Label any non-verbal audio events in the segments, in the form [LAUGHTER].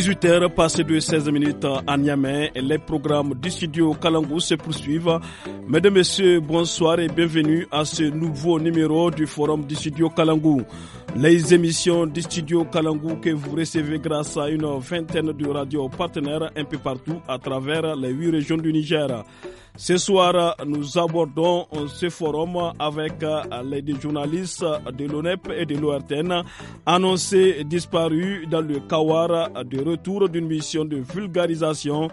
18h passé de 16 minutes à Niamey, les programmes du studio Kalangou se poursuivent. Mesdames, Messieurs, bonsoir et bienvenue à ce nouveau numéro du forum du studio Kalangou. Les émissions du studio Kalangou que vous recevez grâce à une vingtaine de radios partenaires un peu partout à travers les huit régions du Niger. Ce soir, nous abordons ce forum avec euh, les journalistes de l'ONEP et de l'ORTN annoncés disparus dans le Kawar de retour d'une mission de vulgarisation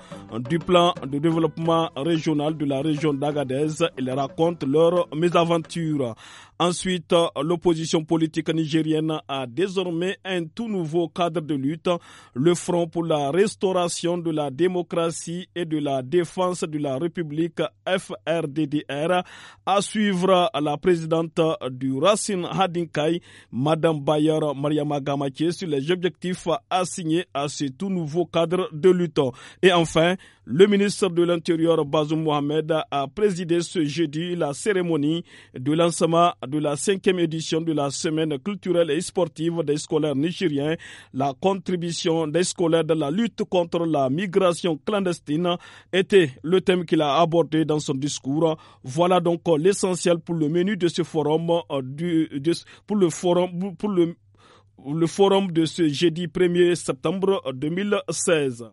du plan de développement régional de la région d'Agadez. Ils racontent leurs mésaventures. Ensuite, l'opposition politique nigérienne a désormais un tout nouveau cadre de lutte, le Front pour la restauration de la démocratie et de la défense de la République FRDDR, à suivre la présidente du Racine Hadinkai, Madame Bayer Magamaki, sur les objectifs assignés à ce tout nouveau cadre de lutte. Et enfin, le ministre de l'Intérieur, Bazoum Mohamed, a présidé ce jeudi la cérémonie de lancement de la cinquième édition de la semaine culturelle et sportive des scolaires nigériens, la contribution des scolaires de la lutte contre la migration clandestine était le thème qu'il a abordé dans son discours. Voilà donc l'essentiel pour le menu de ce forum euh, pour le forum pour le, le forum de ce jeudi 1er septembre 2016.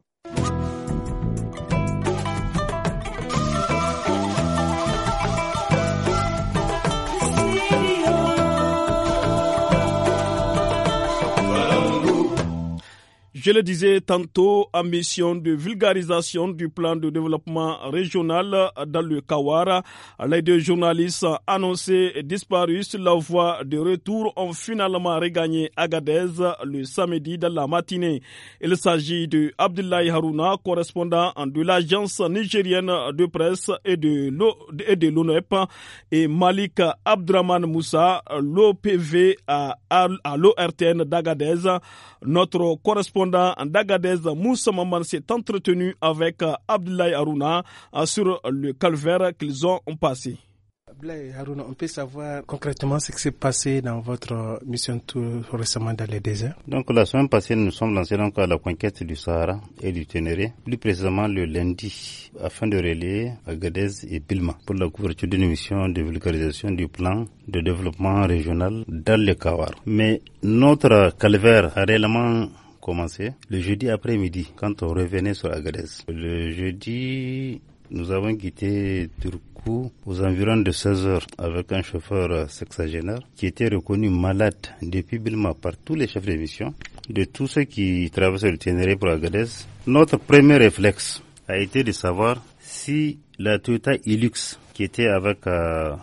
Je le disais tantôt, en mission de vulgarisation du plan de développement régional dans le Kawara, les deux journalistes annoncés et disparus sur la voie de retour ont finalement regagné Agadez le samedi dans la matinée. Il s'agit de Abdoulaye Haruna, correspondant de l'agence nigérienne de presse et de l'ONEP, et Malik Abdraman Moussa, l'OPV à l'ORTN d'Agadez, notre correspondant en Dagadez, Moussa Maman s'est entretenu avec euh, Abdoulaye Aruna euh, sur le calvaire qu'ils ont passé. Abdoulaye Harouna, on peut savoir concrètement ce qui s'est passé dans votre euh, mission tout récemment dans les déserts Donc la semaine passée, nous sommes lancés donc à la conquête du Sahara et du Ténéré, plus précisément le lundi, afin de relier Agadez et Bilma pour la couverture d'une mission de vulgarisation du plan de développement régional dans le Kawar. Mais notre calvaire a réellement commencé le jeudi après-midi quand on revenait sur Agadez. Le jeudi, nous avons quitté Turku aux environs de 16 heures avec un chauffeur sexagénaire qui était reconnu malade depuis Bilma par tous les chefs de mission de tous ceux qui traversaient le Ténéré pour Agadez. Notre premier réflexe a été de savoir si la Toyota Hilux qui était avec euh,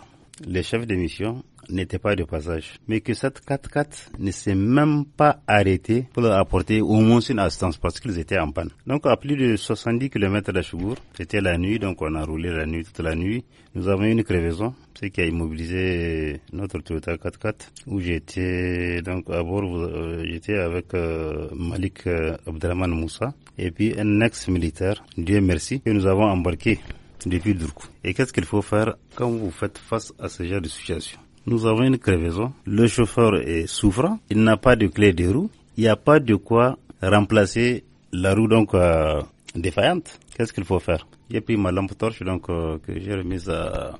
les chefs de mission n'était pas de passage, mais que cette 4x4 ne s'est même pas arrêtée pour leur apporter au moins une assistance parce qu'ils étaient en panne. Donc à plus de 70 km d'Achibourg, c'était la nuit, donc on a roulé la nuit, toute la nuit. Nous avons eu une crevaison, ce qui a immobilisé notre Toyota 4x4 où j'étais donc à bord, euh, j'étais avec euh, Malik euh, Moussa et puis un ex-militaire, Dieu merci, que nous avons embarqué depuis Durkou. Et qu'est-ce qu'il faut faire quand vous faites face à ce genre de situation nous avons une crevaison. Le chauffeur est souffrant. Il n'a pas de clé de roue. Il n'y a pas de quoi remplacer la roue donc euh, défaillante. Qu'est-ce qu'il faut faire J'ai pris ma lampe torche donc euh, que j'ai remise à,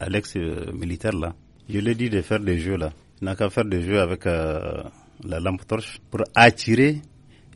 Alex l'ex euh, militaire là. Je lui ai dit de faire des jeux là. Il n'a qu'à faire des jeux avec la lampe torche pour attirer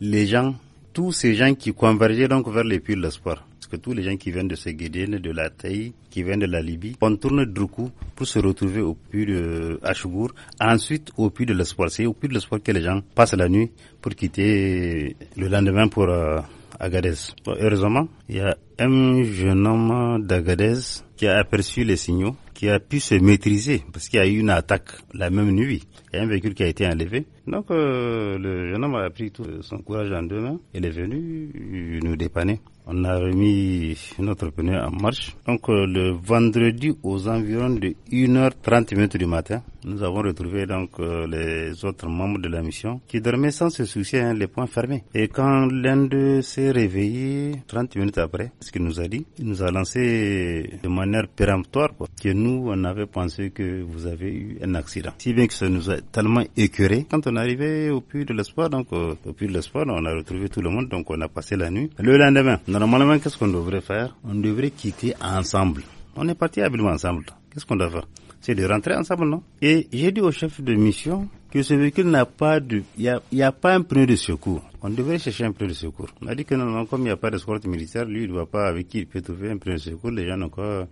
les gens, tous ces gens qui convergeaient donc vers les puits de l'espoir tous les gens qui viennent de Ségédène, de la Thaï, qui viennent de la Libye, on tourne Drukou pour se retrouver au puits de Ashgour, ensuite au puits de l'espoir. C'est au puits de l'espoir que les gens passent la nuit pour quitter le lendemain pour euh, Agadez. heureusement, il y a un jeune homme d'Agadez qui a aperçu les signaux, qui a pu se maîtriser parce qu'il y a eu une attaque la même nuit. Il y a un véhicule qui a été enlevé donc euh, le jeune homme a pris tout son courage en deux mains. Il est venu nous dépanner. On a remis notre pneu en marche. Donc euh, le vendredi aux environs de 1h30 minutes du matin, nous avons retrouvé donc euh, les autres membres de la mission qui dormaient sans se soucier hein, les points fermés. Et quand l'un d'eux s'est réveillé 30 minutes après, ce qu'il nous a dit, il nous a lancé de manière péremptoire que nous on avait pensé que vous avez eu un accident. Si bien que ça nous a tellement écuré quand on arrivé au puits de l'espoir, donc euh, au puits de l'espoir, on a retrouvé tout le monde, donc on a passé la nuit. Le lendemain, normalement, qu'est-ce qu'on devrait faire On devrait quitter ensemble. On est parti habilement ensemble. Qu'est-ce qu'on doit faire C'est de rentrer ensemble, non Et j'ai dit au chef de mission que ce véhicule n'a pas de... Il n'y a, a pas un pneu de secours. On devrait chercher un pneu de secours. On a dit que non comme il n'y a pas d'escorte militaire, lui, il ne voit pas avec qui il peut trouver un pneu de secours. Les gens n'ont pas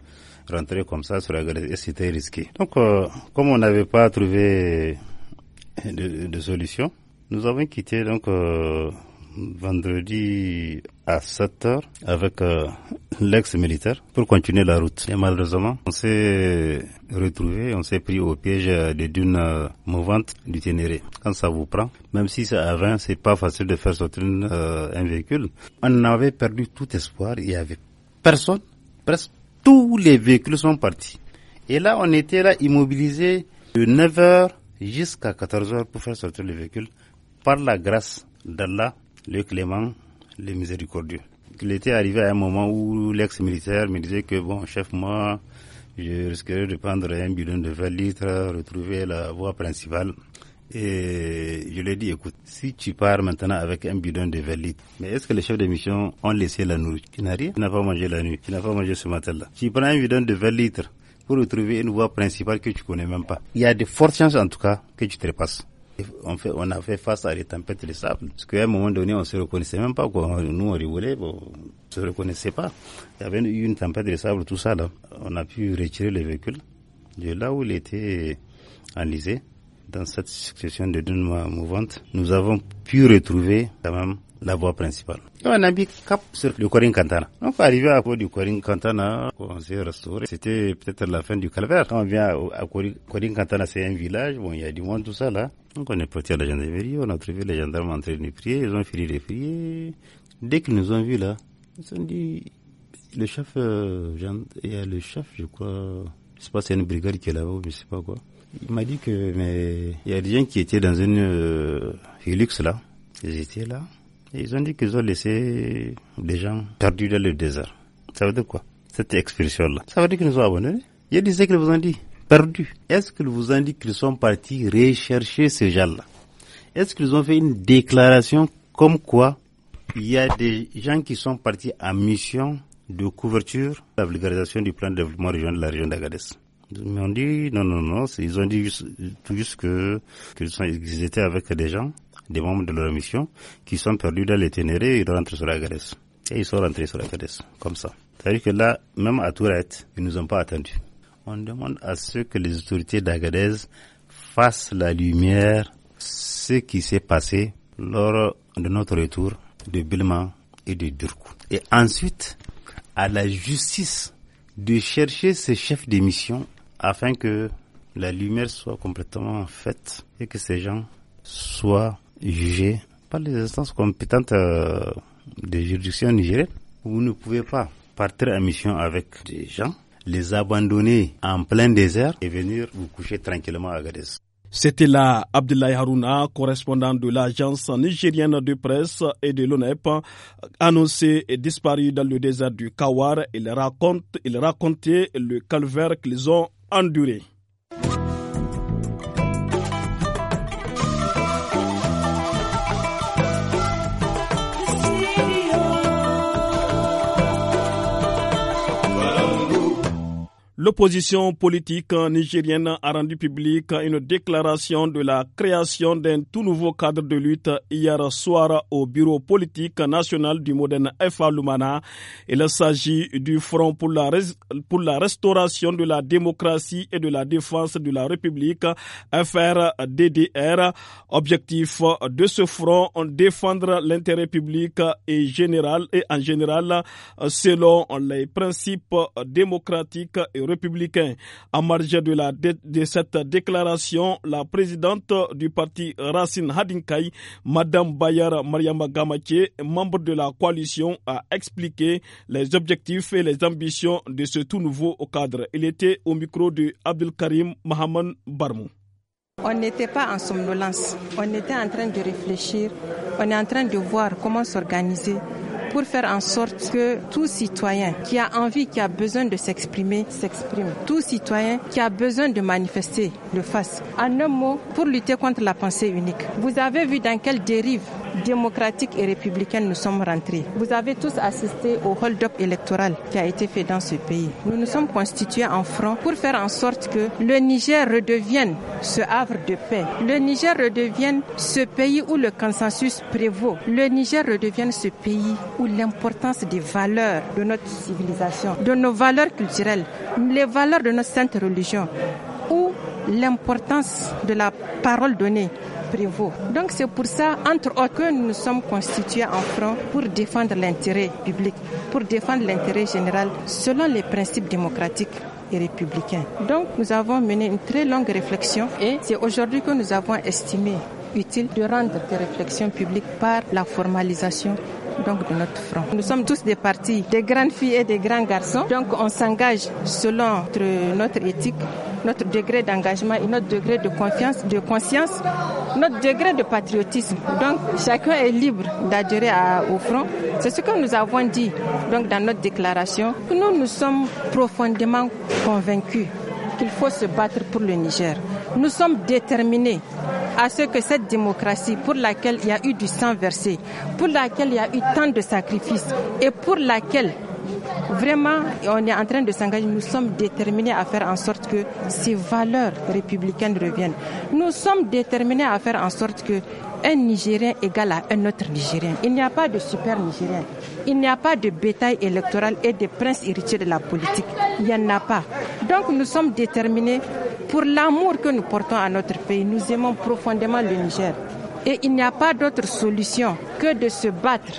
rentré comme ça sur la et c'était risqué. Donc, euh, comme on n'avait pas trouvé de, de solutions. Nous avons quitté donc euh, vendredi à 7 heures avec euh, l'ex-militaire pour continuer la route. Et malheureusement, on s'est retrouvé, on s'est pris au piège euh, des dunes euh, mouvantes Quand ça vous prend, même si c'est à 20, c'est pas facile de faire sortir un véhicule. On avait perdu tout espoir, il y avait personne, presque tous les véhicules sont partis. Et là, on était là immobilisés de 9 heures jusqu'à 14 h pour faire sortir le véhicule par la grâce d'Allah, le clément, le miséricordieux. Il était arrivé à un moment où l'ex-militaire me disait que, bon, chef, moi, je risquerais de prendre un bidon de 20 litres, retrouver la voie principale. Et je lui ai dit, écoute, si tu pars maintenant avec un bidon de 20 litres, mais est-ce que les chefs de mission ont laissé la nourriture Il n'a rien Tu n'as pas mangé la nuit Tu n'a pas mangé ce matin-là Tu prends un bidon de 20 litres pour retrouver une voie principale que tu connais même pas. Il y a de fortes chances en tout cas que tu te repasses. fait, on a fait face à des tempêtes de sable. Parce qu'à un moment donné, on se reconnaissait même pas. Quoi. Nous, on rigolait, bon, on se reconnaissait pas. Il y avait eu une tempête de sable, tout ça. Là. On a pu retirer le véhicule de là où il était enlisé dans cette succession de dunes mouvantes, nous avons pu retrouver quand même la voie principale. On a mis cap sur le Corinne Cantana. est arrivé à côté du Corinne Cantana, on s'est restauré. C'était peut-être la fin du calvaire. Quand on vient à Corinne Cantana, c'est un village. Bon, il y a du monde, tout ça, là. Donc, on est parti à la gendarmerie. On a trouvé les gendarmes en train de prier. Ils ont fini les prier. Dès qu'ils nous ont vus, là, ils ont dit, le chef, euh, il y a le chef, je crois, je sais pas, si c'est une brigade qui est là haut je sais pas quoi. Il m'a dit que, mais, il y a des gens qui étaient dans une, euh, Hilux, là. Ils étaient là. Ils ont dit qu'ils ont laissé des gens perdus dans le désert. Ça veut dire quoi Cette expression-là. Ça veut dire qu'ils nous ont abandonnés. Il y a des qu'ils vous ont dit perdus. Est-ce qu'ils vous ont dit qu'ils sont partis rechercher ces gens-là Est-ce qu'ils ont fait une déclaration comme quoi il y a des gens qui sont partis en mission de couverture, la vulgarisation du plan de développement régional de la région d'Agadez Ils m'ont dit non, non, non. Ils ont dit juste, que qu'ils étaient avec des gens des membres de leur mission qui sont perdus dans les ils et rentrent sur la Grèce. Et ils sont rentrés sur la Grèce, comme ça. C'est-à-dire que là, même à Tourette, ils nous ont pas attendus. On demande à ceux que les autorités d'Agadez fassent la lumière ce qui s'est passé lors de notre retour de Bilma et de Durkou. Et ensuite, à la justice de chercher ces chefs de mission afin que la lumière soit complètement faite et que ces gens soient jugé par les instances compétentes euh, des juridictions nigériennes. Vous ne pouvez pas partir en mission avec des gens, les abandonner en plein désert et venir vous coucher tranquillement à Gadez. C'était là Abdoulaye Harouna, correspondant de l'agence nigérienne de presse et de l'ONEP, annoncé et disparu dans le désert du Kawar. Il, raconte, il racontait le calvaire qu'ils ont enduré. L'opposition politique nigérienne a rendu publique une déclaration de la création d'un tout nouveau cadre de lutte hier soir au bureau politique national du modèle FA Lumana. Il s'agit du Front pour la, restauration de la démocratie et de la défense de la République, FRDDR. Objectif de ce front, défendre l'intérêt public et général et en général selon les principes démocratiques et républicain. En marge de, la, de cette déclaration, la présidente du parti Racine Hadinkai, Madame Bayar Mariama Gamache, membre de la coalition, a expliqué les objectifs et les ambitions de ce tout nouveau cadre. Il était au micro de Abdelkarim Mohamed Barmou. On n'était pas en somnolence, on était en train de réfléchir, on est en train de voir comment s'organiser pour faire en sorte que tout citoyen qui a envie, qui a besoin de s'exprimer, s'exprime. Tout citoyen qui a besoin de manifester, le fasse. En un mot, pour lutter contre la pensée unique. Vous avez vu dans quelle dérive démocratique et républicaine, nous sommes rentrés. Vous avez tous assisté au hold-up électoral qui a été fait dans ce pays. Nous nous sommes constitués en front pour faire en sorte que le Niger redevienne ce havre de paix. Le Niger redevienne ce pays où le consensus prévaut. Le Niger redevienne ce pays où l'importance des valeurs de notre civilisation, de nos valeurs culturelles, les valeurs de notre sainte religion, où l'importance de la parole donnée prévaut. Donc c'est pour ça, entre autres, que nous nous sommes constitués en front pour défendre l'intérêt public, pour défendre l'intérêt général selon les principes démocratiques et républicains. Donc nous avons mené une très longue réflexion et c'est aujourd'hui que nous avons estimé utile de rendre des réflexions publiques par la formalisation donc de notre front. Nous sommes tous des partis, des grandes filles et des grands garçons. Donc on s'engage selon notre, éthique, notre degré d'engagement et notre degré de confiance, de conscience, notre degré de patriotisme. Donc chacun est libre d'adhérer au front. C'est ce que nous avons dit donc dans notre déclaration. Nous nous sommes profondément convaincus qu'il faut se battre pour le Niger. Nous sommes déterminés à ce que cette démocratie pour laquelle il y a eu du sang versé, pour laquelle il y a eu tant de sacrifices et pour laquelle Vraiment, on est en train de s'engager. Nous sommes déterminés à faire en sorte que ces valeurs républicaines reviennent. Nous sommes déterminés à faire en sorte que un Nigérien égale à un autre Nigérien. Il n'y a pas de super Nigérien. Il n'y a pas de bétail électoral et de princes héritier de la politique. Il n'y en a pas. Donc nous sommes déterminés pour l'amour que nous portons à notre pays. Nous aimons profondément le Niger. Et il n'y a pas d'autre solution que de se battre,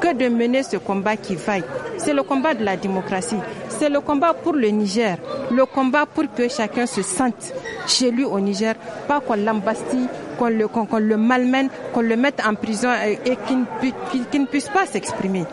que de mener ce combat qui vaille. C'est le combat de la démocratie. C'est le combat pour le Niger. Le combat pour que chacun se sente chez lui au Niger, pas qu'on l'embastille qu'on le, malmène, qu'on le mette en prison et, qu'il ne puisse pas s'exprimer.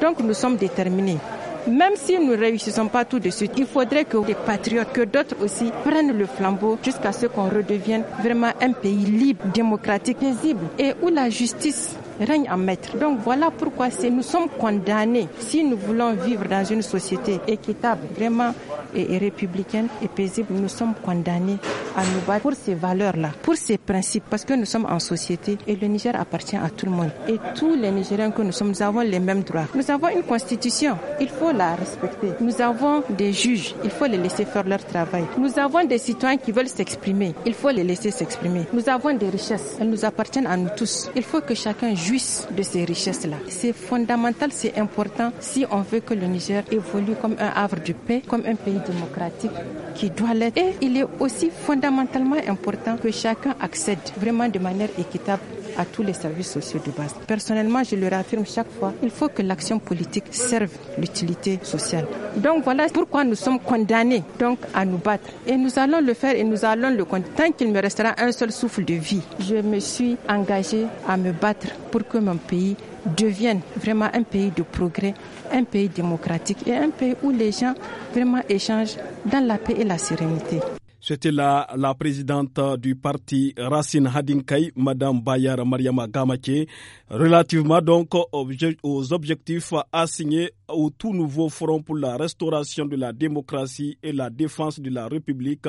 Donc nous sommes déterminés. Même si nous ne réussissons pas tout de suite, il faudrait que les patriotes, que d'autres aussi, prennent le flambeau jusqu'à ce qu'on redevienne vraiment un pays libre, démocratique, paisible et où la justice règne à maître. Donc voilà pourquoi nous sommes condamnés, si nous voulons vivre dans une société équitable, vraiment et, républicaine et paisible, nous sommes condamnés à nous battre pour ces valeurs-là, pour ces principes, parce que nous sommes en société et le Niger appartient à tout le monde. Et tous les Nigériens que nous sommes, nous avons les mêmes droits. Nous avons une constitution, il faut la respecter. Nous avons des juges, il faut les laisser faire leur travail. Nous avons des citoyens qui veulent s'exprimer, il faut les laisser s'exprimer. Nous avons des richesses, elles nous appartiennent à nous tous. Il faut que chacun jouissent de ces richesses-là. C'est fondamental, c'est important si on veut que le Niger évolue comme un havre de paix, comme un pays démocratique qui doit l'être. Et il est aussi fondamentalement important que chacun accède vraiment de manière équitable à tous les services sociaux de base. Personnellement, je le réaffirme chaque fois, il faut que l'action politique serve l'utilité sociale. Donc voilà pourquoi nous sommes condamnés donc à nous battre. Et nous allons le faire et nous allons le condamner. Tant qu'il me restera un seul souffle de vie, je me suis engagée à me battre pour que mon pays devienne vraiment un pays de progrès, un pays démocratique et un pays où les gens vraiment échangent dans la paix et la sérénité. C'était la, présidente du parti Racine Hadinkai, Mme Bayar Mariama Gamake, relativement donc aux objectifs assignés au tout nouveau Front pour la restauration de la démocratie et la défense de la République,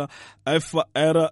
FRDDR.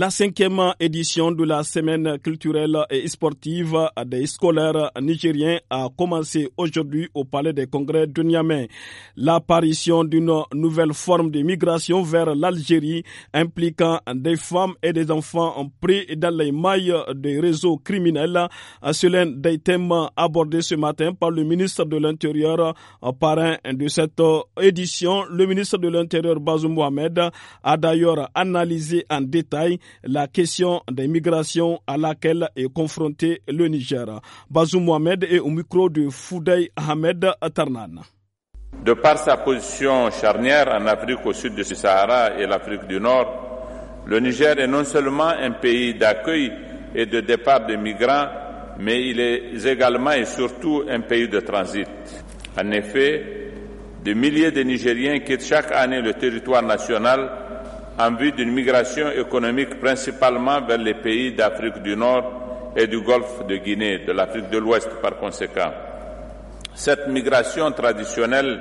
La cinquième édition de la semaine culturelle et sportive des scolaires nigériens a commencé aujourd'hui au Palais des Congrès de Niamey. L'apparition d'une nouvelle forme de migration vers l'Algérie impliquant des femmes et des enfants pris dans les mailles des réseaux criminels, a l'un des thèmes abordés ce matin par le ministre de l'Intérieur, parrain de cette édition. Le ministre de l'Intérieur, Bazoum Mohamed, a d'ailleurs analysé en détail la question des migrations à laquelle est confronté le Niger. Bazou Mohamed est au micro de Foudey Ahmed Tarnan. De par sa position charnière en Afrique au sud du Sahara et l'Afrique du Nord, le Niger est non seulement un pays d'accueil et de départ des migrants, mais il est également et surtout un pays de transit. En effet, des milliers de Nigériens quittent chaque année le territoire national en vue d'une migration économique principalement vers les pays d'Afrique du Nord et du Golfe de Guinée, de l'Afrique de l'Ouest par conséquent. Cette migration traditionnelle,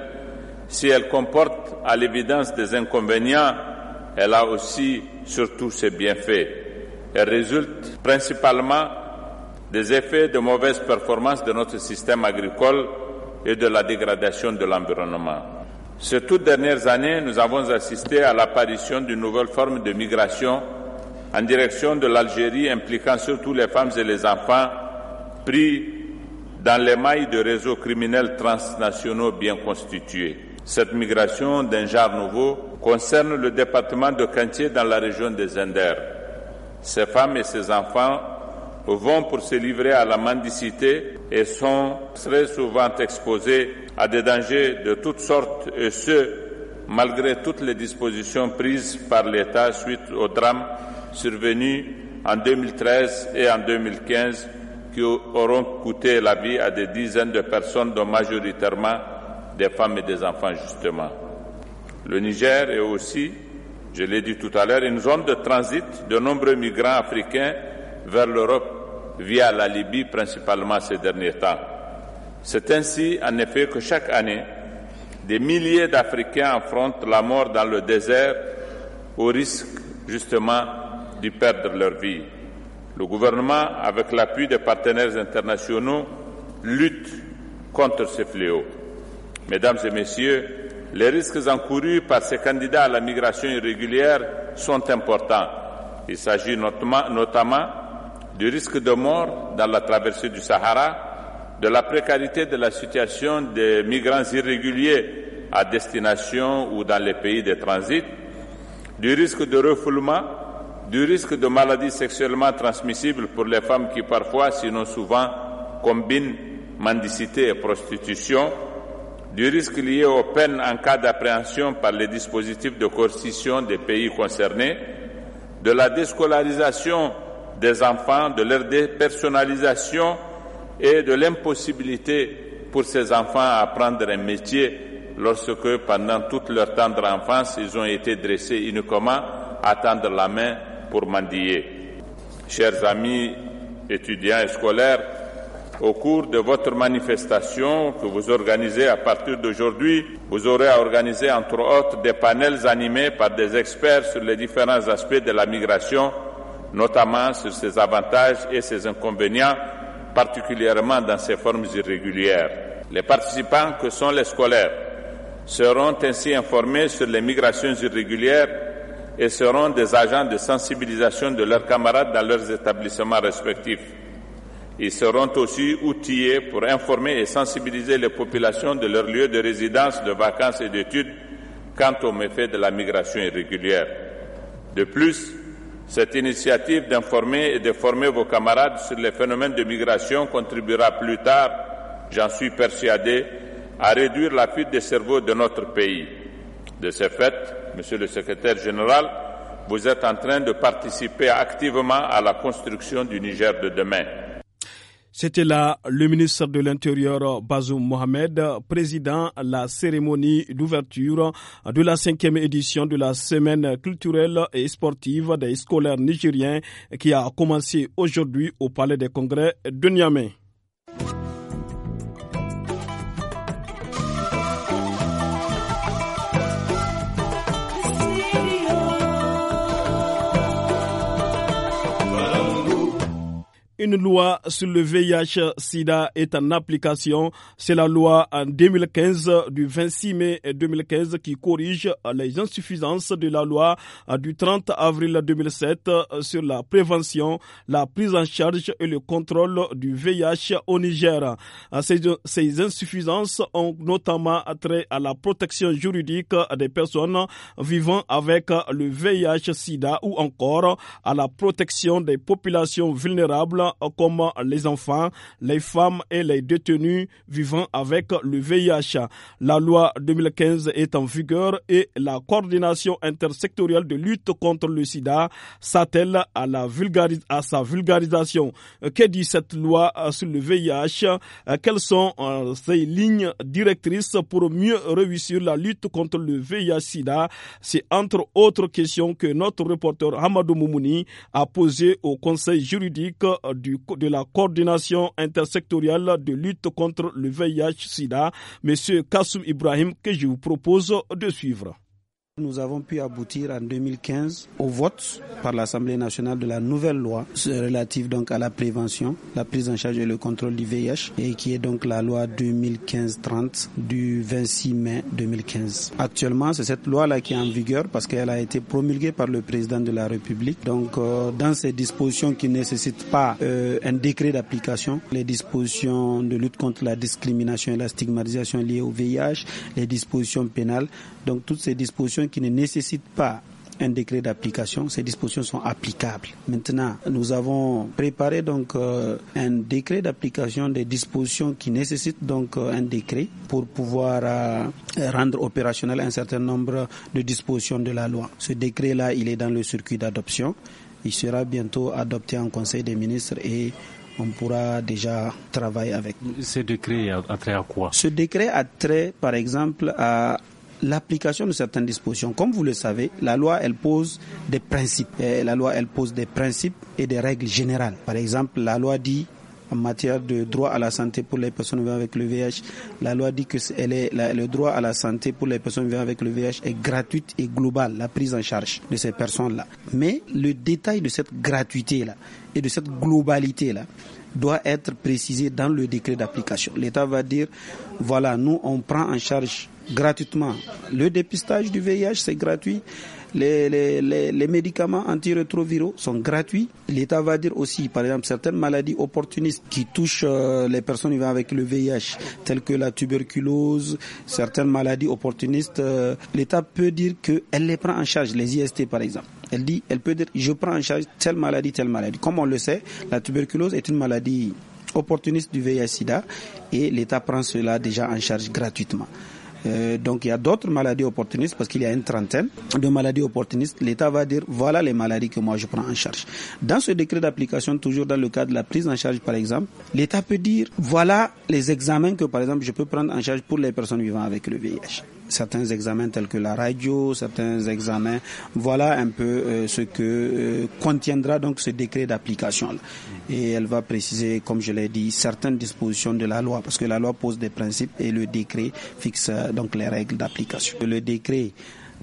si elle comporte à l'évidence des inconvénients, elle a aussi surtout ses bienfaits. Elle résulte principalement des effets de mauvaise performance de notre système agricole et de la dégradation de l'environnement. Ces toutes dernières années, nous avons assisté à l'apparition d'une nouvelle forme de migration en direction de l'Algérie impliquant surtout les femmes et les enfants pris dans les mailles de réseaux criminels transnationaux bien constitués. Cette migration d'un genre nouveau concerne le département de Cantier dans la région des Indères. Ces femmes et ces enfants vont pour se livrer à la mendicité et sont très souvent exposés à des dangers de toutes sortes et ce, malgré toutes les dispositions prises par l'État suite aux drames survenus en 2013 et en 2015 qui auront coûté la vie à des dizaines de personnes, dont majoritairement des femmes et des enfants, justement. Le Niger est aussi, je l'ai dit tout à l'heure, une zone de transit de nombreux migrants africains vers l'Europe via la Libye principalement ces derniers temps. C'est ainsi en effet que chaque année, des milliers d'Africains affrontent la mort dans le désert au risque justement de perdre leur vie. Le gouvernement, avec l'appui des partenaires internationaux, lutte contre ces fléaux. Mesdames et messieurs, les risques encourus par ces candidats à la migration irrégulière sont importants. Il s'agit notamment, notamment du risque de mort dans la traversée du Sahara, de la précarité de la situation des migrants irréguliers à destination ou dans les pays de transit, du risque de refoulement, du risque de maladies sexuellement transmissibles pour les femmes qui parfois, sinon souvent, combinent mendicité et prostitution, du risque lié aux peines en cas d'appréhension par les dispositifs de coercition des pays concernés, de la déscolarisation des enfants, de leur dépersonnalisation et de l'impossibilité pour ces enfants à apprendre un métier lorsque pendant toute leur tendre enfance, ils ont été dressés uniquement à tendre la main pour mendier. Chers amis étudiants et scolaires, au cours de votre manifestation que vous organisez à partir d'aujourd'hui, vous aurez à organiser entre autres des panels animés par des experts sur les différents aspects de la migration notamment sur ses avantages et ses inconvénients, particulièrement dans ses formes irrégulières. Les participants, que sont les scolaires, seront ainsi informés sur les migrations irrégulières et seront des agents de sensibilisation de leurs camarades dans leurs établissements respectifs. Ils seront aussi outillés pour informer et sensibiliser les populations de leurs lieux de résidence, de vacances et d'études quant aux méfaits de la migration irrégulière. De plus, cette initiative d'informer et de former vos camarades sur les phénomènes de migration contribuera plus tard, j'en suis persuadé, à réduire la fuite des cerveaux de notre pays. De ce fait, Monsieur le Secrétaire général, vous êtes en train de participer activement à la construction du Niger de demain. C'était là le ministre de l'Intérieur Bazoum Mohamed, président de la cérémonie d'ouverture de la cinquième édition de la semaine culturelle et sportive des scolaires nigériens qui a commencé aujourd'hui au Palais des Congrès de Niamey. une loi sur le VIH-Sida est en application. C'est la loi en 2015 du 26 mai 2015 qui corrige les insuffisances de la loi du 30 avril 2007 sur la prévention, la prise en charge et le contrôle du VIH au Niger. Ces, insuffisances ont notamment trait à la protection juridique des personnes vivant avec le VIH-Sida ou encore à la protection des populations vulnérables comme les enfants, les femmes et les détenus vivant avec le VIH. La loi 2015 est en vigueur et la coordination intersectorielle de lutte contre le sida s'attelle à, la sa vulgarisation. Euh, que dit cette loi euh, sur le VIH euh, Quelles sont ses lignes directrices pour mieux réussir la lutte contre le VIH-Sida C'est entre autres questions que notre reporter Hamadou Moumouni a posées au Conseil juridique de la coordination intersectorielle de lutte contre le VIH-Sida, M. Kassoum Ibrahim, que je vous propose de suivre. Nous avons pu aboutir en 2015 au vote par l'Assemblée nationale de la nouvelle loi relative donc à la prévention, la prise en charge et le contrôle du VIH et qui est donc la loi 2015-30 du 26 mai 2015. Actuellement, c'est cette loi-là qui est en vigueur parce qu'elle a été promulguée par le président de la République. Donc, euh, dans ces dispositions qui ne nécessitent pas euh, un décret d'application, les dispositions de lutte contre la discrimination et la stigmatisation liées au VIH, les dispositions pénales, donc toutes ces dispositions qui ne nécessitent pas un décret d'application. Ces dispositions sont applicables. Maintenant, nous avons préparé donc euh, un décret d'application des dispositions qui nécessitent donc euh, un décret pour pouvoir euh, rendre opérationnel un certain nombre de dispositions de la loi. Ce décret-là, il est dans le circuit d'adoption. Il sera bientôt adopté en Conseil des ministres et on pourra déjà travailler avec. Ce décret a trait à quoi Ce décret a trait, par exemple, à l'application de certaines dispositions. Comme vous le savez, la loi, elle pose des principes. Euh, la loi, elle pose des principes et des règles générales. Par exemple, la loi dit en matière de droit à la santé pour les personnes vivant avec le VIH. La loi dit que le droit à la santé pour les personnes vivant avec le VIH est gratuite et globale, la prise en charge de ces personnes-là. Mais le détail de cette gratuité-là et de cette globalité-là doit être précisé dans le décret d'application. L'État va dire, voilà, nous, on prend en charge gratuitement. Le dépistage du VIH, c'est gratuit. Les, les, les, médicaments antirétroviraux sont gratuits. L'État va dire aussi, par exemple, certaines maladies opportunistes qui touchent euh, les personnes vivant avec le VIH, telles que la tuberculose, certaines maladies opportunistes, euh, l'État peut dire qu'elle les prend en charge, les IST par exemple. Elle dit, elle peut dire, je prends en charge telle maladie, telle maladie. Comme on le sait, la tuberculose est une maladie opportuniste du VIH-Sida et l'État prend cela déjà en charge gratuitement. Euh, donc il y a d'autres maladies opportunistes parce qu'il y a une trentaine de maladies opportunistes. L'État va dire voilà les maladies que moi je prends en charge. Dans ce décret d'application, toujours dans le cadre de la prise en charge par exemple, l'État peut dire voilà les examens que par exemple je peux prendre en charge pour les personnes vivant avec le VIH certains examens tels que la radio, certains examens. Voilà un peu euh, ce que euh, contiendra donc ce décret d'application. Et elle va préciser, comme je l'ai dit, certaines dispositions de la loi, parce que la loi pose des principes et le décret fixe euh, donc les règles d'application. Le décret,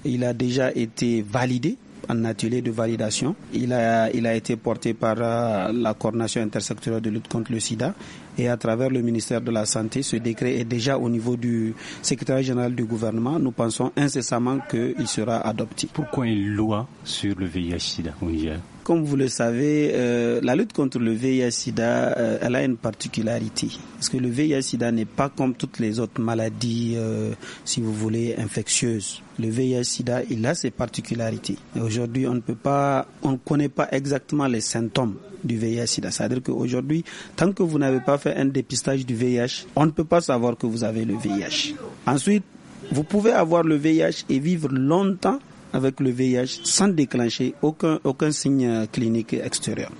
il a déjà été validé en atelier de validation. Il a, il a été porté par euh, la coordination intersectorielle de lutte contre le sida et à travers le ministère de la Santé, ce décret est déjà au niveau du secrétaire général du gouvernement. Nous pensons incessamment qu'il sera adopté. Pourquoi une loi sur le VIH-Sida au Niger comme vous le savez, euh, la lutte contre le VIH-Sida, euh, elle a une particularité. Parce que le VIH-Sida n'est pas comme toutes les autres maladies, euh, si vous voulez, infectieuses. Le VIH-Sida, il a ses particularités. Aujourd'hui, on ne peut pas, on ne connaît pas exactement les symptômes du VIH-Sida. C'est-à-dire qu'aujourd'hui, tant que vous n'avez pas fait un dépistage du VIH, on ne peut pas savoir que vous avez le VIH. Ensuite, vous pouvez avoir le VIH et vivre longtemps avec le VIH sans déclencher aucun, aucun signe clinique extérieur.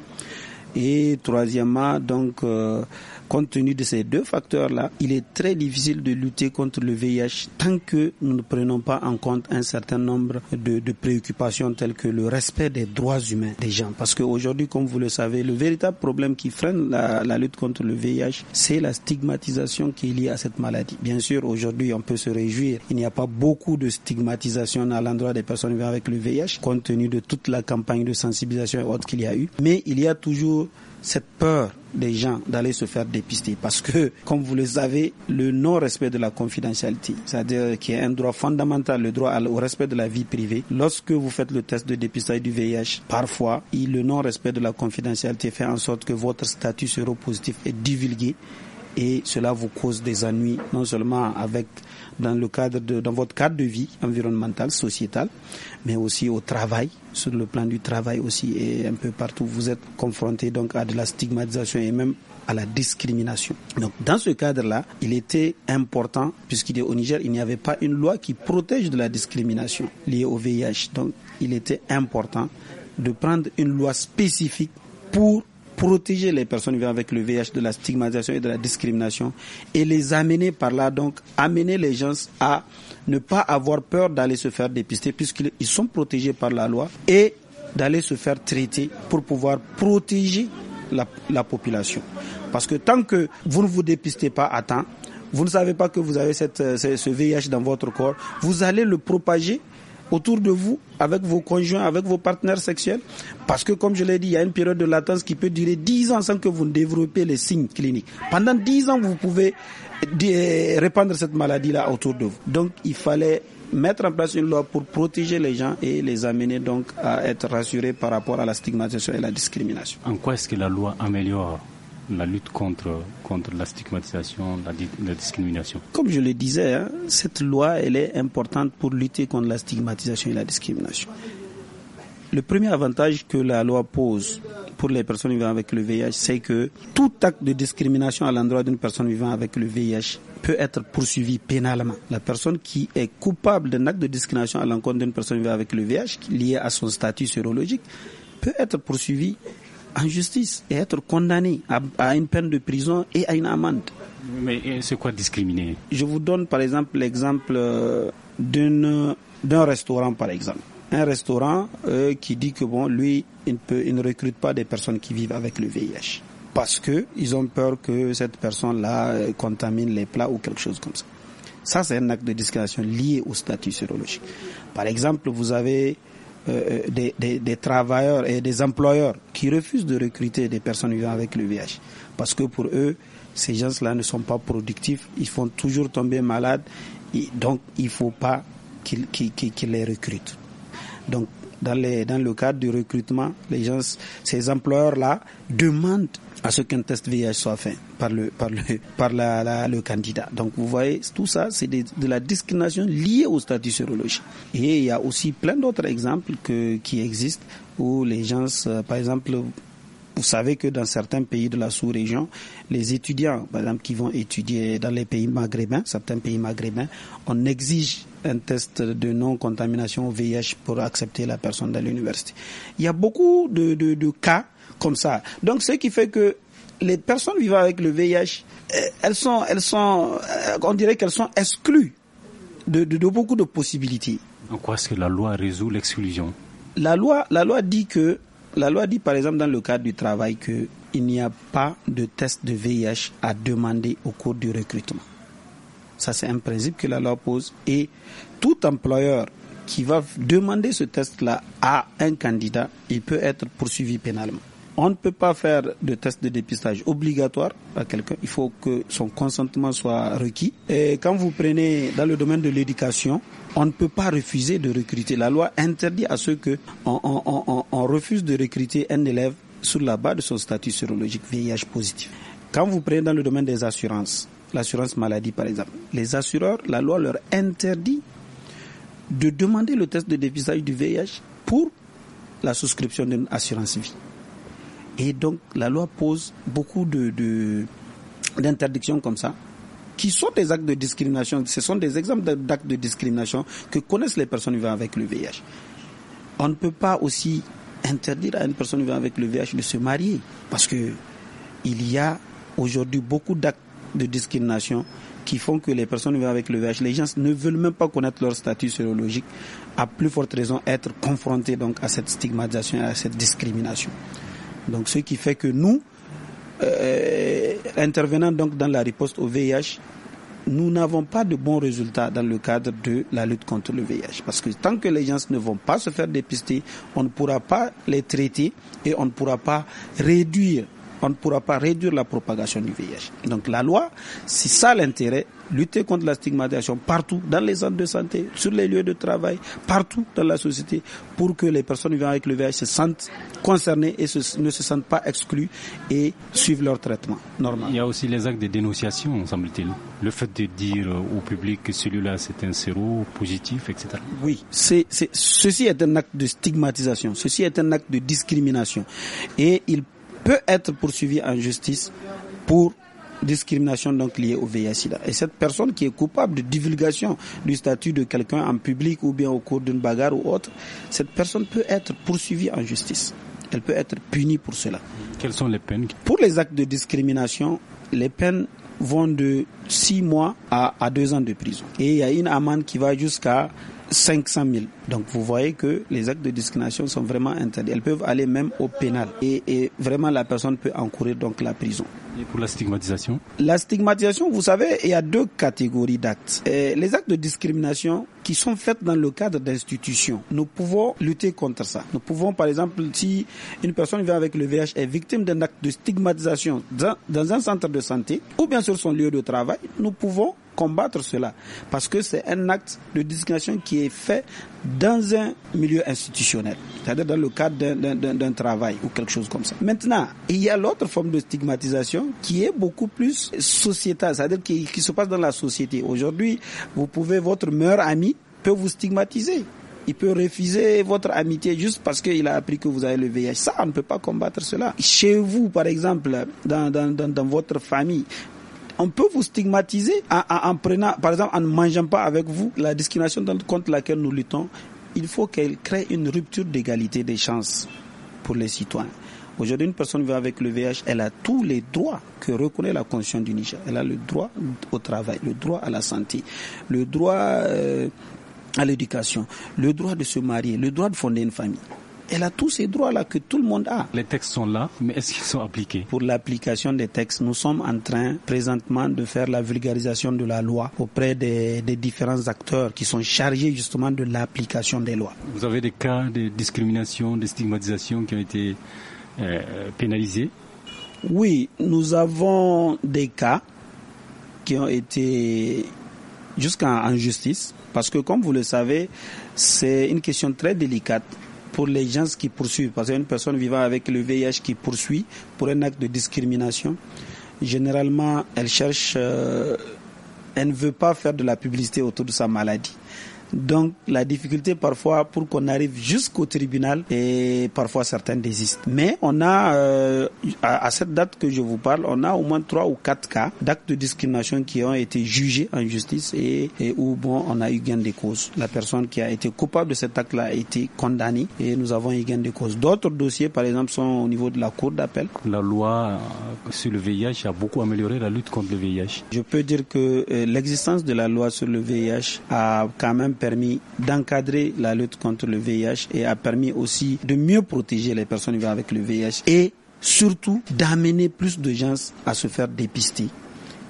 Et troisièmement, donc, euh, compte tenu de ces deux facteurs-là, il est très difficile de lutter contre le VIH tant que nous ne prenons pas en compte un certain nombre de, de préoccupations telles que le respect des droits humains des gens. Parce qu'aujourd'hui, comme vous le savez, le véritable problème qui freine la, la lutte contre le VIH, c'est la stigmatisation qui est liée à cette maladie. Bien sûr, aujourd'hui, on peut se réjouir. Il n'y a pas beaucoup de stigmatisation à l'endroit des personnes vivant avec le VIH, compte tenu de toute la campagne de sensibilisation et autres qu'il y a eu. Mais il y a toujours cette peur des gens d'aller se faire dépister parce que, comme vous le savez, le non-respect de la confidentialité, c'est-à-dire y est un droit fondamental, le droit au respect de la vie privée, lorsque vous faites le test de dépistage du VIH, parfois, le non-respect de la confidentialité fait en sorte que votre statut positif est divulgué et cela vous cause des ennuis, non seulement avec, dans, le cadre de, dans votre cadre de vie environnementale, sociétal, mais aussi au travail, sur le plan du travail aussi, et un peu partout. Vous êtes confronté donc à de la stigmatisation et même à la discrimination. Donc dans ce cadre-là, il était important, puisqu'il est au Niger, il n'y avait pas une loi qui protège de la discrimination liée au VIH. Donc il était important de prendre une loi spécifique pour protéger les personnes vivant avec le VIH de la stigmatisation et de la discrimination et les amener par là, donc amener les gens à ne pas avoir peur d'aller se faire dépister puisqu'ils sont protégés par la loi et d'aller se faire traiter pour pouvoir protéger la, population. Parce que tant que vous ne vous dépistez pas à temps, vous ne savez pas que vous avez cette, euh, ce VIH dans votre corps, vous allez le propager autour de vous, avec vos conjoints, avec vos partenaires sexuels. Parce que, comme je l'ai dit, il y a une période de latence qui peut durer dix ans sans que vous ne développez les signes cliniques. Pendant dix ans, vous pouvez répandre cette maladie-là autour de vous. Donc, il fallait mettre en place une loi pour protéger les gens et les amener donc à être rassurés par rapport à la stigmatisation et la discrimination. En quoi est-ce que la loi améliore la lutte contre, contre la stigmatisation, la, discrimination. Comme je le disais, hein, cette loi, elle est importante pour lutter contre la stigmatisation et la discrimination. Le premier avantage que la loi pose pour les personnes vivant avec le VIH, c'est que tout acte de discrimination à l'endroit d'une personne vivant avec le VIH peut être poursuivi pénalement. La personne qui est coupable d'un acte de discrimination à l'encontre d'une personne vivant avec le VIH lié à son statut sérologique peut être poursuivie en justice et être condamné à, une peine de prison et à une amende. Mais c'est quoi discriminer Je vous donne par exemple l'exemple euh, d'un restaurant par exemple. Un restaurant euh, qui dit que bon, lui, il, ne recrute pas des personnes qui vivent avec le VIH parce que ils ont peur que cette personne-là euh, contamine les plats ou quelque chose comme ça. Ça, c'est un acte de discrimination lié au statut sérologique. Par exemple, vous avez euh, euh, des, des, travailleurs et des employeurs qui refusent de recruter des personnes vivant avec le VIH. Parce que pour eux, ces gens-là ne sont pas productifs, ils font toujours tomber malades, et donc il ne faut pas qu'ils qu les recrutent. Donc dans, les, dans le cadre du recrutement, les gens, ces employeurs-là demandent à ce qu'un test VIH soit fait par le, par le, [LAUGHS] par la, la, le candidat. Donc vous voyez, tout ça, c'est de, la discrimination liée au statut sérologique. Et il y a aussi plein d'autres exemples que, qui existent où les gens, par exemple, vous savez que dans certains pays de la sous-région, les étudiants, par exemple, qui vont étudier dans les pays maghrébins, certains pays maghrébins, on exige un test de non-contamination VIH pour accepter la personne dans l'université. Il y a beaucoup de, de, de cas comme ça. Donc, ce qui fait que les personnes vivant avec le VIH, eh, elles sont, elles sont, eh, on dirait qu'elles sont exclues de, beaucoup de possibilités. En quoi est-ce que la loi résout l'exclusion La loi, la loi dit que, la loi dit par exemple dans le cadre du travail que il n'y a pas de test de VIH à demander au cours du recrutement. Ça, c'est un principe que la loi pose. Et tout employeur qui va demander ce test-là à un candidat, il peut être poursuivi pénalement. On ne peut pas faire de test de dépistage obligatoire à quelqu'un. Il faut que son consentement soit requis. Et quand vous prenez dans le domaine de l'éducation, on ne peut pas refuser de recruter. La loi interdit à ceux que on, refuse de recruter un élève sur la base de son statut sérologique VIH positif. Quand vous prenez dans le domaine des assurances, l'assurance maladie par exemple, les assureurs, la loi leur interdit de demander le test de dépistage du VIH pour la souscription d'une assurance vie. Et donc la loi pose beaucoup de d'interdictions comme ça qui sont des actes de discrimination, ce sont des exemples d'actes de discrimination que connaissent les personnes vivant avec le VIH. On ne peut pas aussi interdire à une personne vivant avec le VIH de se marier parce que il y a aujourd'hui beaucoup d'actes de discrimination qui font que les personnes vivant avec le VIH, les gens ne veulent même pas connaître leur statut sérologique, à plus forte raison être confrontés donc à cette stigmatisation à cette discrimination. Donc ce qui fait que nous, euh, intervenant donc dans la riposte au VIH, nous n'avons pas de bons résultats dans le cadre de la lutte contre le VIH. Parce que tant que les gens ne vont pas se faire dépister, on ne pourra pas les traiter et on ne pourra pas réduire on ne pourra pas réduire la propagation du VIH. Donc la loi, c'est ça l'intérêt lutter contre la stigmatisation partout, dans les centres de santé, sur les lieux de travail, partout dans la société, pour que les personnes vivant avec le VIH se sentent concernées et ne se sentent pas exclues et suivent leur traitement normal. Il y a aussi les actes de dénonciation, semble-t-il. Le fait de dire au public que celui-là c'est un séro, positif, etc. Oui, c'est, ceci est un acte de stigmatisation, ceci est un acte de discrimination. Et il peut être poursuivi en justice pour discrimination donc liée au VIH-Sida. Et cette personne qui est coupable de divulgation du statut de quelqu'un en public ou bien au cours d'une bagarre ou autre, cette personne peut être poursuivie en justice. Elle peut être punie pour cela. Quelles sont les peines Pour les actes de discrimination, les peines vont de 6 mois à, 2 ans de prison. Et il y a une amende qui va jusqu'à 500 000. Donc vous voyez que les actes de discrimination sont vraiment interdits. Elles peuvent aller même au pénal. Et, et vraiment la personne peut encourir donc la prison pour la stigmatisation La stigmatisation, vous savez, il y a deux catégories d'actes. Euh, les actes de discrimination qui sont faits dans le cadre d'institutions. Nous pouvons lutter contre ça. Nous pouvons, par exemple, si une personne vient avec le VIH est victime d'un acte de stigmatisation dans un centre de santé ou bien sur son lieu de travail, nous pouvons combattre cela. Parce que c'est un acte de discrimination qui est fait dans un milieu institutionnel, c'est-à-dire dans le cadre d'un travail ou quelque chose comme ça. Maintenant, il y a l'autre forme de stigmatisation qui est beaucoup plus sociétale, c'est-à-dire qui, se passe dans la société. Aujourd'hui, vous pouvez, votre meilleur ami peut vous stigmatiser. Il peut refuser votre amitié juste parce qu'il a appris que vous avez le VIH. Ça, on ne peut pas combattre cela. Chez vous, par exemple, dans, dans, dans, dans votre famille, on peut vous stigmatiser en, prenant, par exemple, en ne mangeant pas avec vous. La discrimination contre laquelle nous luttons, il faut qu'elle crée une rupture d'égalité des chances pour les citoyens. Aujourd'hui, une personne vit avec le VIH, elle a tous les droits que reconnaît la Constitution du Niger. Elle a le droit au travail, le droit à la santé, le droit euh, à l'éducation, le droit de se marier, le droit de fonder une famille. Elle a tous ces droits-là que tout le monde a. Les textes sont là, mais est-ce qu'ils sont appliqués Pour l'application des textes, nous sommes en train présentement de faire la vulgarisation de la loi auprès des, différents acteurs qui sont chargés justement de l'application des lois. Vous avez des cas de discrimination, de stigmatisation qui ont été euh, pénalisés Oui, nous avons des cas qui ont été jusqu'en justice, parce que comme vous le savez, c'est une question très délicate pour les gens qui poursuivent. Parce qu'une personne vivant avec le VIH qui poursuit pour un acte de discrimination, généralement, elle cherche, euh, elle ne veut pas faire de la publicité autour de sa maladie. Donc la difficulté parfois pour qu'on arrive jusqu'au tribunal et parfois certains désistent. Mais on a, euh, à, cette date que je vous parle, on a au moins trois ou quatre cas d'actes de discrimination qui ont été jugés en justice et, où bon, on a eu gain de cause. La personne qui a été coupable de cet acte-là a été condamnée et nous avons eu gain de cause. D'autres dossiers, par exemple, sont au niveau de la cour d'appel. La loi euh, sur le VIH a beaucoup amélioré la lutte contre le VIH. Je peux dire que euh, l'existence de la loi sur le VIH a quand même permis d'encadrer la lutte contre le VIH et a permis aussi de mieux protéger les personnes vivant avec le VIH et surtout d'amener plus de gens à se faire dépister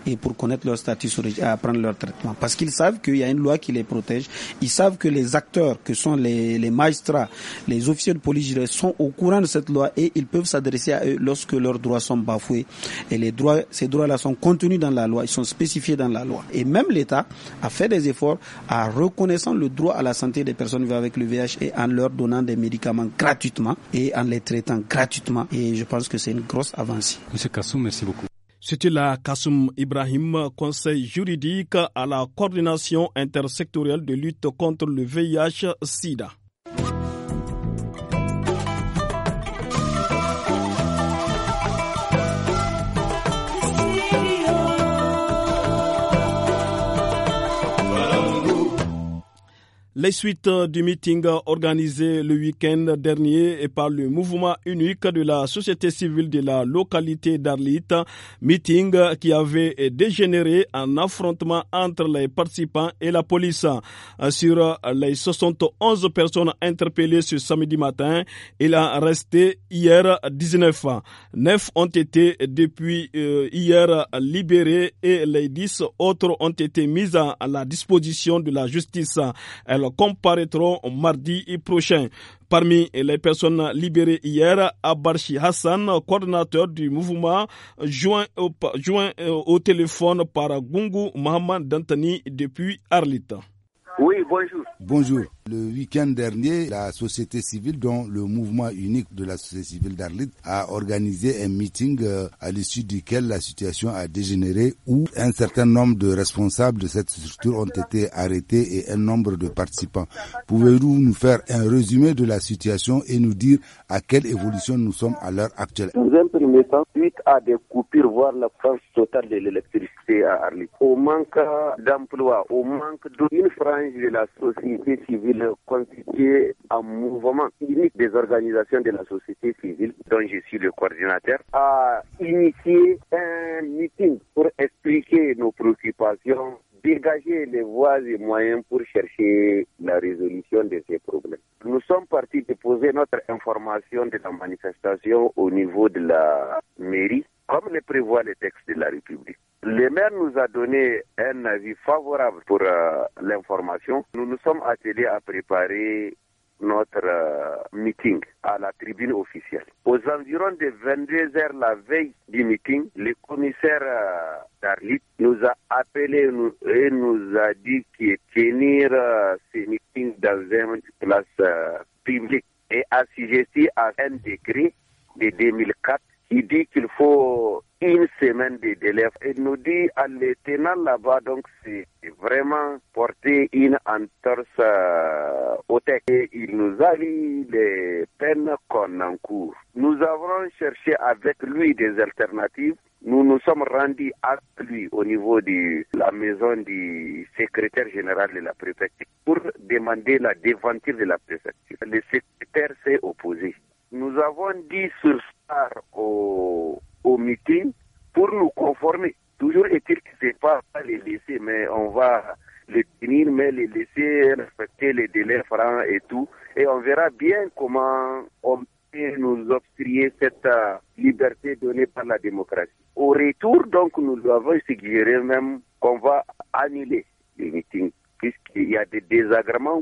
et pour connaître leur statut sur, euh, leur traitement. Parce qu'ils savent qu'il y a une loi qui les protège. Ils savent que les acteurs, que sont les, les magistrats, les officiers de police sont au courant de cette loi et ils peuvent s'adresser à eux lorsque leurs droits sont bafoués. Et les droits, ces droits-là sont contenus dans la loi, ils sont spécifiés dans la loi. Et même l'État a fait des efforts à reconnaissant le droit à la santé des personnes vivant avec le VIH et en leur donnant des médicaments gratuitement et en les traitant gratuitement. Et je pense que c'est une grosse avancée. Monsieur Kassou, merci beaucoup. C'était la Kassoum Ibrahim, conseil juridique à la coordination intersectorielle de lutte contre le VIH-Sida. Les suites euh, du meeting organisé le week-end dernier et par le mouvement unique de la société civile de la localité d'Arlit, meeting qui avait dégénéré en affrontement entre les participants et la police. Euh, sur euh, les 71 personnes interpellées ce samedi matin, il a resté hier 19. Neuf ont été depuis hier libérés et les 10 autres ont été mises à la disposition de la justice comparaîtront mardi prochain. Parmi les personnes libérées hier, Abarchi Hassan, coordinateur du mouvement, joint au, euh, téléphone par Gungu Mohamed Dantani depuis Arlita. Oui, bonjour. Bonjour. Le week-end dernier, la société civile, dont le mouvement unique de la société civile d'Arlit, a organisé un meeting euh, à l'issue duquel la situation a dégénéré où un certain nombre de responsables de cette structure ont été arrêtés et un nombre de participants. Pouvez-vous nous faire un résumé de la situation et nous dire à quelle évolution nous sommes à l'heure actuelle Nous à des coupures, voire la France totale de l'électricité à Arlit, au manque d'emploi, au manque d'une frange de la société civile, le constituait un mouvement unique des organisations de la société civile, dont je suis le coordinateur, a initié un meeting pour expliquer nos préoccupations, dégager les voies et moyens pour chercher la résolution de ces problèmes. Nous sommes partis déposer notre information de la manifestation au niveau de la mairie, comme le prévoit le texte de la République. Le maire nous a donné un avis favorable pour euh, l'information. Nous nous sommes attelés à préparer notre euh, meeting à la tribune officielle. Aux environs de 22 h la veille du meeting, le commissaire euh, Darlit nous a appelé et nous a dit que tenir ce meeting dans une place publique et assujetti à un décret de 2004 qui dit qu'il faut une semaine de délai. Il nous dit à l'étenant là-bas, donc c'est vraiment porter une entorse euh, au texte. Et il nous a dit les peines qu'on encourt. Nous avons cherché avec lui des alternatives. Nous nous sommes rendus à lui au niveau de la maison du secrétaire général de la préfecture pour demander la déventure de la préfecture. Le secrétaire s'est opposé. Nous avons dit sur ça au au meeting pour nous conformer. Toujours est-il que ce n'est pas les laisser, mais on va les tenir, mais les laisser respecter les délais francs et tout. Et on verra bien comment on peut nous obstruer cette euh, liberté donnée par la démocratie. Au retour, donc, nous avons suggéré même qu'on va annuler les meetings, puisqu'il y a des désagréments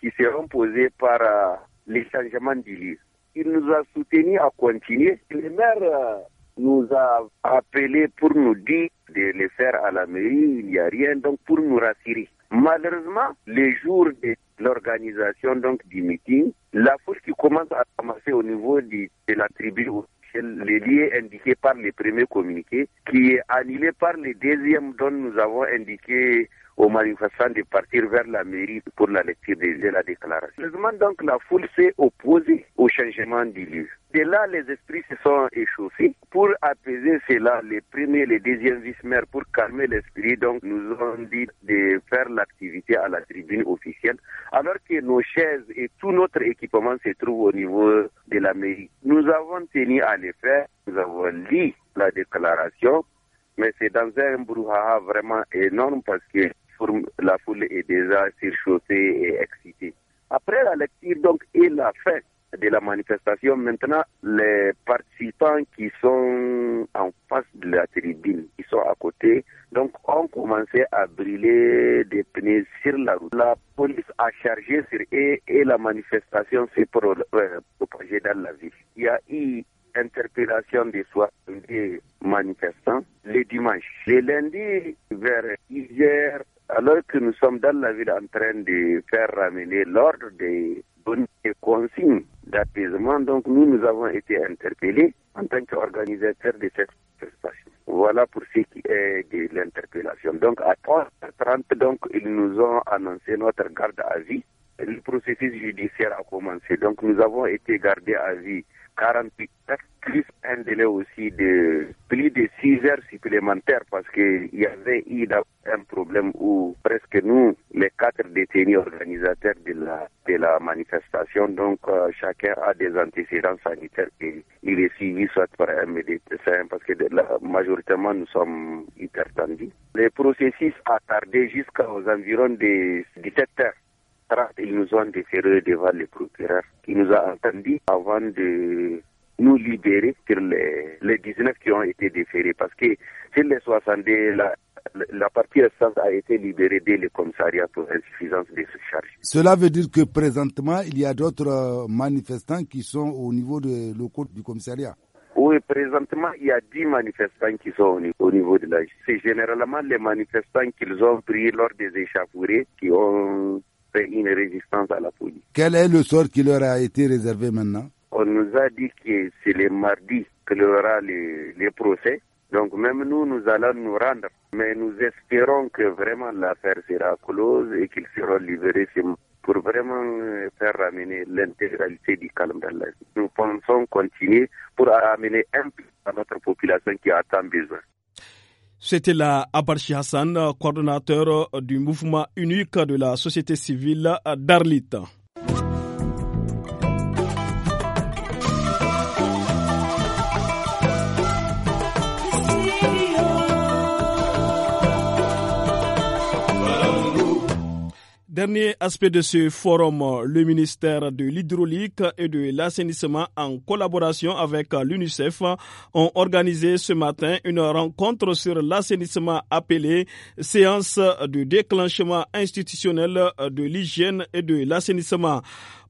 qui seront posés par euh, les changements du livre. Il nous a soutenus à continuer. Les maires... Euh, nous a appelé pour nous dire de les faire à la mairie, il n'y a rien, donc pour nous rassurer. Malheureusement, les jours de l'organisation donc du meeting, la foule qui commence à commencer au niveau de la tribu les liens indiqués par les premiers communiqués, qui est annulé par les deuxième dont nous avons indiqué aux manifestants de partir vers la mairie pour la lecture de, la déclaration. donc, la foule s'est opposée au changement du lieu. De là, les esprits se sont échauffés. Pour apaiser cela, les premiers et les deuxièmes vice-maires, pour calmer l'esprit, donc, nous ont dit de faire l'activité à la tribune officielle, alors que nos chaises et tout notre équipement se trouvent au niveau de la mairie. Nous avons tenu à les faire. Nous avons lu la déclaration mais c'est dans un brouhaha vraiment énorme parce que la foule est déjà surchauffée et excitée. Après la lecture donc et la fin de la manifestation, maintenant les participants qui sont en face de la tribune, qui sont à côté, donc ont commencé à brûler des pneus sur la route. La police a chargé sur eux et la manifestation s'est euh, propagée dans la ville. Il y a eu interpellation des des manifestants le dimanche. Le lundi, vers 10h, alors que nous sommes dans la ville en train de faire ramener l'ordre des bonnes consignes d'apaisement. Donc nous, nous avons été interpellés en tant qu'organisateurs de cette manifestation. Voilà pour ce qui est de l'interpellation. Donc à 3h30, donc, ils nous ont annoncé notre garde à vie. Le processus judiciaire a commencé. Donc nous avons été gardés à vie 48 heures, plus un délai aussi de plus de 6 heures supplémentaires parce qu'il y avait eu un problème où presque nous, les quatre détenus organisateurs de la, de la manifestation, donc euh, chacun a des antécédents sanitaires et il est suivi soit par un médecin parce que la, majoritairement nous sommes hypertendus. Le processus a tardé jusqu'aux environs des 17 heures. ils nous ont déféré devant les procureurs qui a entendu avant de nous libérer sur les, 19 qui ont été déférés parce que sur les 70 la, partie restante a été libérée dès le commissariat pour insuffisance de ce charge. Cela veut dire que présentement, il y a d'autres euh, manifestants qui sont au niveau de locaux du commissariat oui, présentement, il y a 10 manifestants qui sont au niveau, de la... C'est généralement les manifestants qu'ils ont pris lors des échafourées qui ont fait une résistance à la police. Quel est le sort qui leur a été réservé maintenant On nous a dit que c'est le mardi que y aura les, procès. Donc même nous, nous allons nous rendre. Mais nous espérons que vraiment l'affaire sera close et qu'ils seront libérés pour vraiment euh, faire ramener l'intégralité du calme dans la ville. Nous pensons continuer pour ramener un peu à notre population qui a tant besoin. C'était la Abarchi Hassan, coordonnateur du mouvement unique de la société civile d'Arlita. Dernier aspect de ce forum, le ministère de l'hydraulique et de l'assainissement en collaboration avec l'UNICEF ont organisé ce matin une rencontre sur l'assainissement appelée séance de déclenchement institutionnel de l'hygiène et de l'assainissement.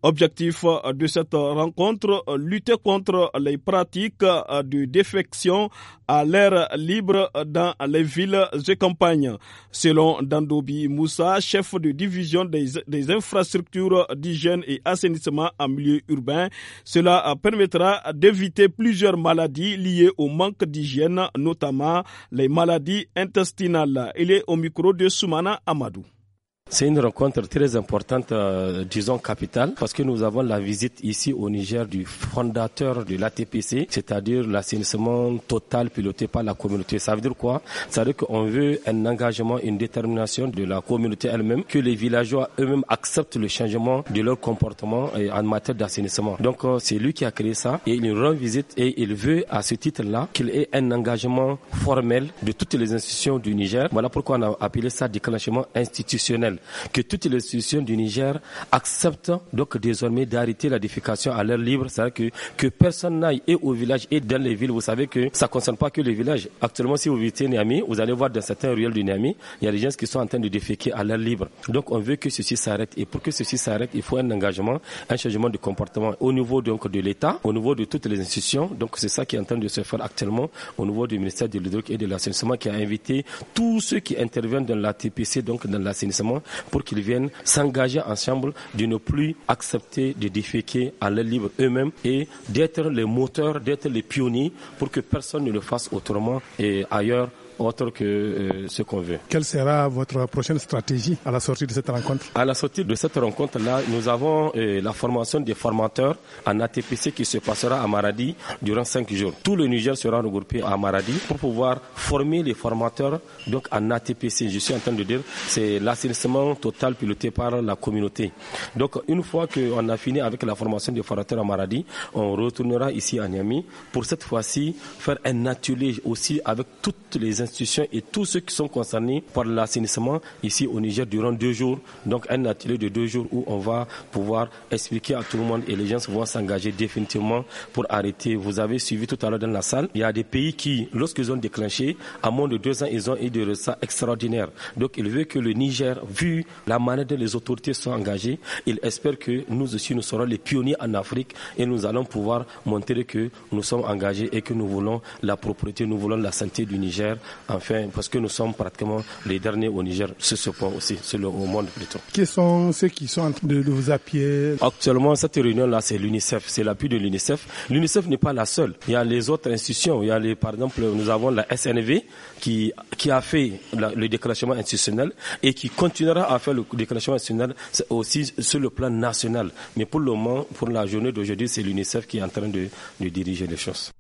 Objectif euh, de cette euh, rencontre, euh, lutter contre les pratiques de défection à l'air libre dans les villes et campagnes. Selon Dandobi Moussa, chef de division des, des infrastructures d'hygiène et assainissement en milieu urbain, cela permettra d'éviter plusieurs maladies liées au manque d'hygiène, notamment les maladies intestinales. Il est au micro de Soumana Amadou. C'est une rencontre très importante, euh, disons capitale, parce que nous avons la visite ici au Niger du fondateur de l'ATPC, c'est-à-dire l'assainissement total piloté par la communauté. Ça veut dire quoi Ça veut dire qu'on veut un engagement, une détermination de la communauté elle-même, que les villageois eux-mêmes acceptent le changement de leur comportement euh, en matière d'assainissement. Donc euh, c'est lui qui a créé ça et il rend visite et il veut à ce titre-là qu'il ait un engagement formel de toutes les institutions du Niger. Voilà pourquoi on a appelé ça déclenchement institutionnel que toutes les institutions du Niger acceptent donc désormais d'arrêter la défécation à l'air libre, c'est-à-dire que, que personne n'aille et au village et dans les villes. Vous savez que ça ne concerne pas que les villages. Actuellement, si vous visitez Niamey, vous allez voir dans certains ruelles du Niamey, il y a des gens qui sont en train de déféquer à l'air libre. Donc on veut que ceci s'arrête. Et pour que ceci s'arrête, il faut un engagement, un changement de comportement au niveau donc de l'État, au niveau de toutes les institutions. Donc c'est ça qui est en train de se faire actuellement au niveau du ministère de l'Hydraulique et de l'assainissement qui a invité tous ceux qui interviennent dans la TPC, donc dans l'assainissement, pour qu'ils viennent s'engager ensemble de ne plus accepter de déféquer à l'air libre eux-mêmes et d'être les moteurs, d'être les pionniers pour que personne ne le fasse autrement et ailleurs autre que euh, ce qu'on veut. Quelle sera votre prochaine stratégie à la sortie de cette rencontre À la sortie de cette rencontre-là, nous avons euh, la formation des formateurs en ATPC qui se passera à Maradi durant cinq jours. Tout le Niger sera regroupé à Maradi pour pouvoir former les formateurs donc en ATPC. Je suis en train de dire, c'est l'assainissement total piloté par la communauté. Donc une fois qu'on a fini avec la formation des formateurs à Maradi, on retournera ici à Niamey pour cette fois-ci faire un atelier aussi avec toutes les institutions et tous ceux qui sont concernés par l'assainissement ici au Niger durant deux jours. Donc un atelier de deux jours où on va pouvoir expliquer à tout le monde et les gens vont s'engager définitivement pour arrêter. Vous avez suivi tout à l'heure dans la salle, il y a des pays qui, lorsqu'ils ont déclenché, à moins de deux ans, ils ont eu des résultats extraordinaires. Donc il veut que le Niger, vu la manière dont les autorités sont engagées, il espère que nous aussi, nous serons les pionniers en Afrique et nous allons pouvoir montrer que nous sommes engagés et que nous voulons la propriété, nous voulons la santé du Niger Enfin, parce que nous sommes pratiquement les derniers au Niger sur ce point aussi, sur le, au monde plutôt. Qui sont ceux qui sont en train de vous appuyer Actuellement, cette réunion-là, c'est l'UNICEF, c'est l'appui de l'UNICEF. L'UNICEF n'est pas la seule. Il y a les autres institutions. Il y a par exemple, nous avons la SNV qui, qui a fait le déclenchement institutionnel et qui continuera à faire le déclenchement institutionnel aussi sur le plan national. Mais pour le moment, pour la journée d'aujourd'hui, c'est l'UNICEF qui est en train de, de diriger les choses.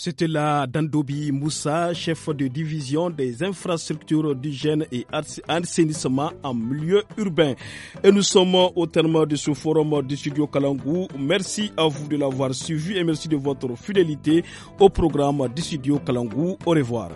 C'était là Dandobi Moussa, chef de division des infrastructures d'hygiène et assainissement en milieu urbain. Et nous sommes au terme de ce forum du studio Kalangou. Merci à vous de l'avoir suivi et merci de votre fidélité au programme du studio Kalangou. Au revoir.